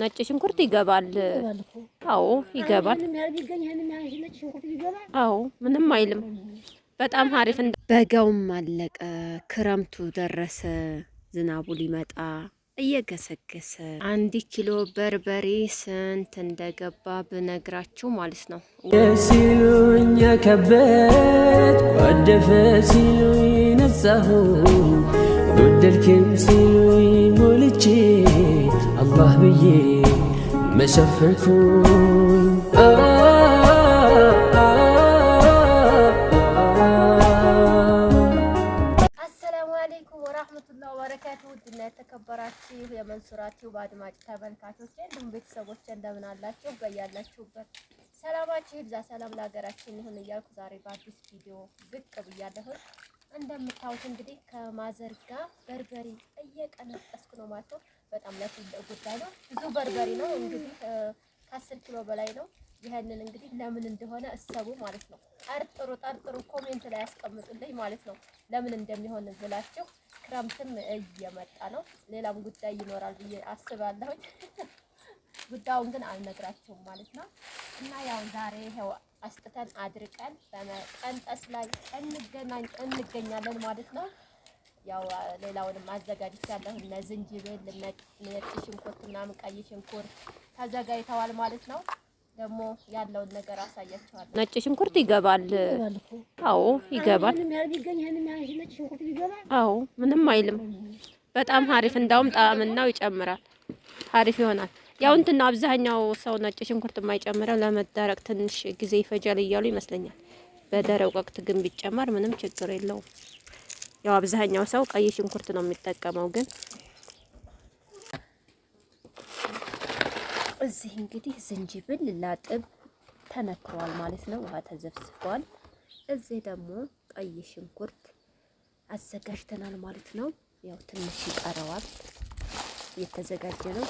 ነጭ ሽንኩርት ይገባል። አዎ ይገባል። አዎ ምንም አይልም። በጣም አሪፍ። በጋውም አለቀ፣ ክረምቱ ደረሰ፣ ዝናቡ ሊመጣ እየገሰገሰ። አንድ ኪሎ በርበሬ ስንት እንደገባ ብነግራችሁ ማለት ነው። ሲሉኝ ያከበት ጓደፈ ሲሉኝ ነጻሁ ጎደልክም ሲሉኝ ሞልቼ ገባህ ብዬ መሸፈንኩኝ አሌይኩም ወራህመቱላ ወበረካቱ ውድና የተከበራችሁ የመንሱራችሁ በአድማጭ ተመልካቾች እንዲሁም ቤተሰቦች እንደምን አላችሁ በያላችሁበት ሰላማችሁ ይብዛ ሰላም ለሀገራችን ይሁን እያልኩ ዛሬ በአዲስ ቪዲዮ ብቅ ብያለሁኝ እንደምታዩት እንግዲህ ከማዘር ጋር በርበሬ እየቀነጠስኩ ነው ማለት ነው በጣም ለትልቅ ጉዳይ ነው። ብዙ በርበሬ ነው እንግዲህ ከአስር ኪሎ በላይ ነው። ይህንን እንግዲህ ለምን እንደሆነ እሰቡ ማለት ነው። ጠርጥሩ ጠርጥሩ፣ ኮሜንት ላይ ያስቀምጡልኝ ማለት ነው ለምን እንደሚሆን ብላችሁ። ክረምትም እየመጣ ነው፣ ሌላም ጉዳይ ይኖራል ብዬ አስባለሁኝ። ጉዳዩን ግን አልነግራችሁም ማለት ነው። እና ያው ዛሬ ይኸው አስጥተን አድርቀን በመቀንጠስ ላይ እንገናኝ እንገኛለን ማለት ነው። ያው ሌላውንም አዘጋጅቻለሁ። እነ ዝንጅብል፣ ነጭ ሽንኩርት ምናምን፣ ቀይ ሽንኩርት ተዘጋጅተዋል ማለት ነው። ደግሞ ያለውን ነገር አሳያቸዋለሁ። ነጭ ሽንኩርት ይገባል። አዎ ይገባል። አዎ ምንም አይልም። በጣም ሀሪፍ እንዳውም ጣዕምናው ይጨምራል። ሀሪፍ ይሆናል። ያው እንትን ነው አብዛኛው ሰው ነጭ ሽንኩርት የማይጨምረው ለመደረቅ ትንሽ ጊዜ ይፈጃል እያሉ ይመስለኛል። በደረቅ ወቅት ግን ቢጨመር ምንም ችግር የለውም። ያው አብዛኛው ሰው ቀይ ሽንኩርት ነው የሚጠቀመው። ግን እዚህ እንግዲህ ዝንጅብል ላጥብ ተነክሯል ማለት ነው፣ ውሃ ተዘብስፏል። እዚህ ደግሞ ቀይ ሽንኩርት አዘጋጅተናል ማለት ነው። ያው ትንሽ ይቀረዋል፣ እየተዘጋጀ ነው።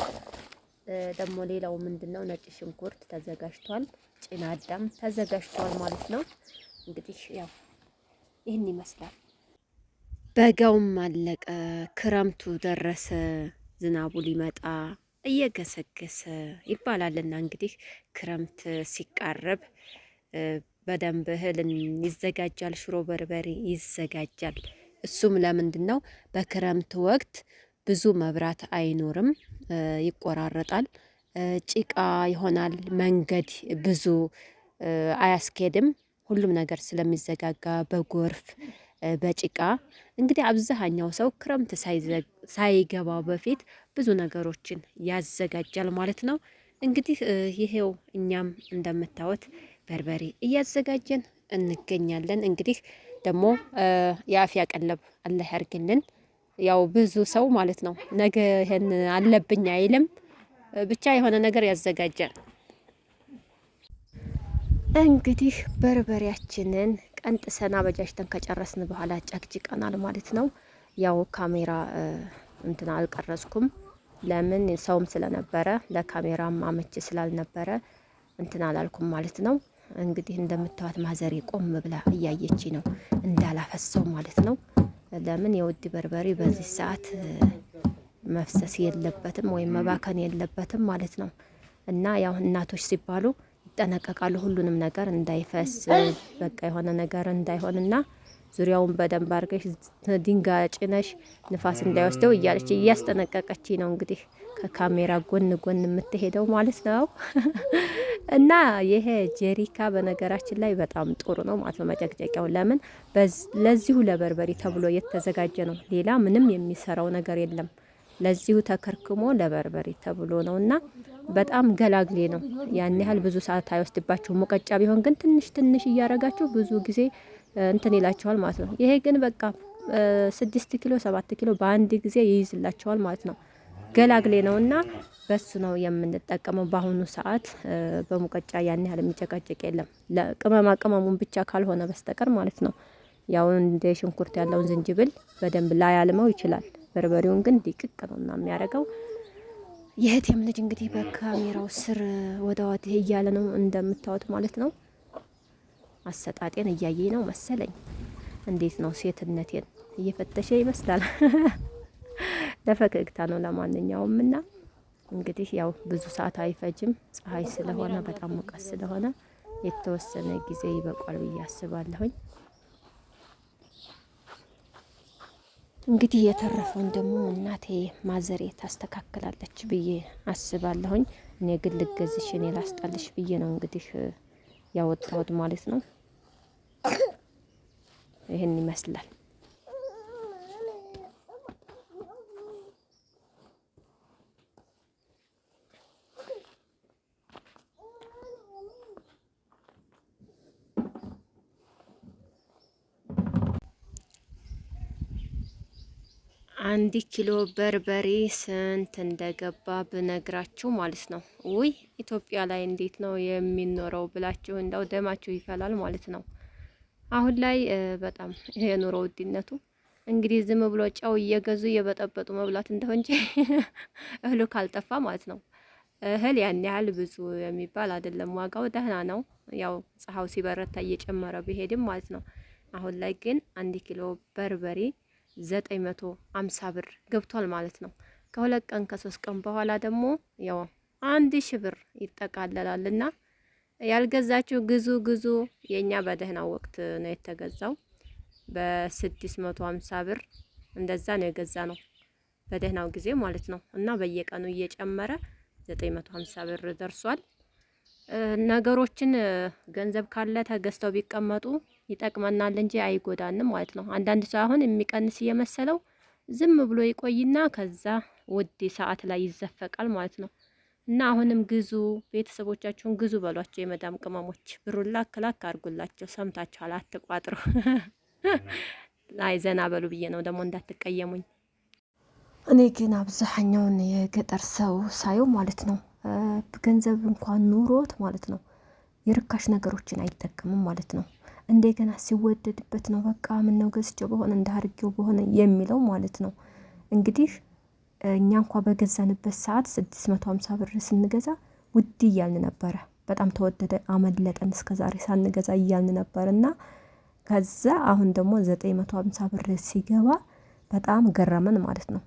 ደግሞ ሌላው ምንድነው ነጭ ሽንኩርት ተዘጋጅቷል፣ ጭና አዳም ተዘጋጅቷል ማለት ነው። እንግዲህ ያው ይህን ይመስላል። በጋውም አለቀ፣ ክረምቱ ደረሰ፣ ዝናቡ ሊመጣ እየገሰገሰ ይባላልና እንግዲህ ክረምት ሲቃረብ በደንብ እህል ይዘጋጃል፣ ሽሮ በርበሬ ይዘጋጃል። እሱም ለምንድን ነው? በክረምት ወቅት ብዙ መብራት አይኖርም፣ ይቆራረጣል፣ ጭቃ ይሆናል፣ መንገድ ብዙ አያስኬድም። ሁሉም ነገር ስለሚዘጋጋ በጎርፍ በጭቃ እንግዲህ አብዛኛው ሰው ክረምት ሳይገባ በፊት ብዙ ነገሮችን ያዘጋጃል ማለት ነው። እንግዲህ ይሄው እኛም እንደምታዩት በርበሬ እያዘጋጀን እንገኛለን። እንግዲህ ደግሞ የአፍያ ቀለብ አላህ ያርግልን። ያው ብዙ ሰው ማለት ነው ነገ ይሄን አለብኝ አይልም፣ ብቻ የሆነ ነገር ያዘጋጃል። እንግዲህ በርበሬያችንን ጠንጥሰን አበጃጅተን ከጨረስን በኋላ ጨቅጭቀናል ማለት ነው። ያው ካሜራ እንትን አልቀረጽኩም። ለምን ሰውም ስለነበረ ለካሜራም አመች ስላልነበረ እንትን አላልኩም ማለት ነው። እንግዲህ እንደምታዋት ማዘሬ ቆም ብላ እያየች ነው እንዳላፈሰው ማለት ነው። ለምን የውድ በርበሬ በዚህ ሰዓት መፍሰስ የለበትም ወይም መባከን የለበትም ማለት ነው። እና ያው እናቶች ሲባሉ ይጠነቀቃሉ። ሁሉንም ነገር እንዳይፈስ በቃ የሆነ ነገር እንዳይሆንና ዙሪያውን በደንብ አርገሽ ድንጋይ ጭነሽ ንፋስ እንዳይወስደው እያለች እያስጠነቀቀች ነው እንግዲህ ከካሜራ ጎን ጎን የምትሄደው ማለት ነው። እና ይሄ ጀሪካ በነገራችን ላይ በጣም ጥሩ ነው ማለት ነው መጨቅጨቂያው። ለምን ለዚሁ ለበርበሬ ተብሎ የተዘጋጀ ነው። ሌላ ምንም የሚሰራው ነገር የለም። ለዚሁ ተከርክሞ ለበርበሬ ተብሎ ነው እና በጣም ገላግሌ ነው። ያን ያህል ብዙ ሰዓት አይወስድባችሁ። ሙቀጫ ቢሆን ግን ትንሽ ትንሽ እያረጋችሁ ብዙ ጊዜ እንትን ይላችኋል ማለት ነው። ይሄ ግን በቃ ስድስት ኪሎ ሰባት ኪሎ በአንድ ጊዜ ይይዝላችኋል ማለት ነው። ገላግሌ ነው እና በሱ ነው የምንጠቀመው። በአሁኑ ሰዓት በሙቀጫ ያን ያህል የሚጨቃጨቅ የለም። ለቅመማ ቅመሙን ብቻ ካልሆነ በስተቀር ማለት ነው። ያው እንደ ሽንኩርት ያለውን ዝንጅብል በደንብ ላያልመው ይችላል። በርበሬውን ግን ድቅቅ ነውና የሚያደርገው። የእህቴም ልጅ እንግዲህ በካሜራው ስር ወደ ወዲህ እያለ ነው እንደምታዩት ማለት ነው። አሰጣጤን እያየ ነው መሰለኝ። እንዴት ነው ሴትነቴን እየፈተሸ ይመስላል። ለፈገግታ ነው። ለማንኛውም እና እንግዲህ ያው ብዙ ሰዓት አይፈጅም። ፀሐይ ስለሆነ በጣም ሙቀት ስለሆነ የተወሰነ ጊዜ ይበቋል ብዬ አስባለሁኝ። እንግዲህ የተረፈውን ደግሞ እናቴ ማዘሬ ታስተካክላለች ብዬ አስባለሁኝ። እኔ ግን ልገዝሽ፣ እኔ ላስጣልሽ ብዬ ነው እንግዲህ ያወጣሁት ማለት ነው። ይህን ይመስላል። አንድ ኪሎ በርበሬ ስንት እንደገባ ብነግራችሁ ማለት ነው። ውይ ኢትዮጵያ ላይ እንዴት ነው የሚኖረው ብላችሁ እንዳው ደማችሁ ይፈላል ማለት ነው። አሁን ላይ በጣም የኑሮ ውድነቱ እንግዲህ ዝም ብሎ ጨው እየገዙ እየበጠበጡ መብላት እንደው እንጂ እህሉ ካልጠፋ ማለት ነው። እህል ያን ያህል ብዙ የሚባል አይደለም፣ ዋጋው ደህና ነው። ያው ፀሐው ሲበረታ እየጨመረ ቢሄድም ማለት ነው። አሁን ላይ ግን አንድ ኪሎ በርበሬ ዘጠኝ መቶ አምሳ ብር ገብቷል ማለት ነው። ከሁለት ቀን ከሶስት ቀን በኋላ ደግሞ ያው አንድ ሺ ብር ይጠቃለላል እና ያልገዛችሁ ግዙ ግዙ። የኛ በደህና ወቅት ነው የተገዛው በስድስት መቶ አምሳ ብር እንደዛ ነው የገዛ ነው በደህናው ጊዜ ማለት ነው። እና በየቀኑ እየጨመረ ዘጠኝ መቶ ሀምሳ ብር ደርሷል። ነገሮችን ገንዘብ ካለ ተገዝተው ቢቀመጡ ይጠቅመናል እንጂ አይጎዳንም ማለት ነው። አንዳንድ ሰው አሁን የሚቀንስ እየመሰለው ዝም ብሎ ይቆይና ከዛ ውድ ሰዓት ላይ ይዘፈቃል ማለት ነው። እና አሁንም ግዙ፣ ቤተሰቦቻችሁን ግዙ በሏቸው። የመዳም ቅመሞች ብሩን ላክ ላክ አድርጉላቸው። ሰምታችኋል፣ አትቋጥሩ። አይ ዘና በሉ ብዬ ነው ደግሞ እንዳትቀየሙኝ። እኔ ግን አብዛኛውን የገጠር ሰው ሳየው ማለት ነው ገንዘብ እንኳን ኑሮት ማለት ነው የርካሽ ነገሮችን አይጠቀምም ማለት ነው። እንደገና ሲወደድበት ነው በቃ ምነው ገዝቼው በሆነ እንዳርጌው በሆነ የሚለው ማለት ነው። እንግዲህ እኛ እንኳ በገዛንበት ሰዓት ስድስት መቶ ሀምሳ ብር ስንገዛ ውድ እያልን ነበረ። በጣም ተወደደ፣ አመለጠን፣ እስከዛሬ ሳንገዛ እያልን ነበር እና ከዛ አሁን ደግሞ ዘጠኝ መቶ ሀምሳ ብር ሲገባ በጣም ገረመን ማለት ነው።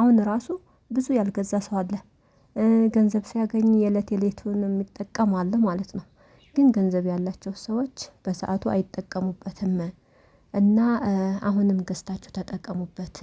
አሁን ራሱ ብዙ ያልገዛ ሰው አለ። ገንዘብ ሲያገኝ የዕለት የሌቱን የሚጠቀም አለ ማለት ነው። ግን ገንዘብ ያላቸው ሰዎች በሰአቱ አይጠቀሙበትም እና አሁንም ገዝታችሁ ተጠቀሙበት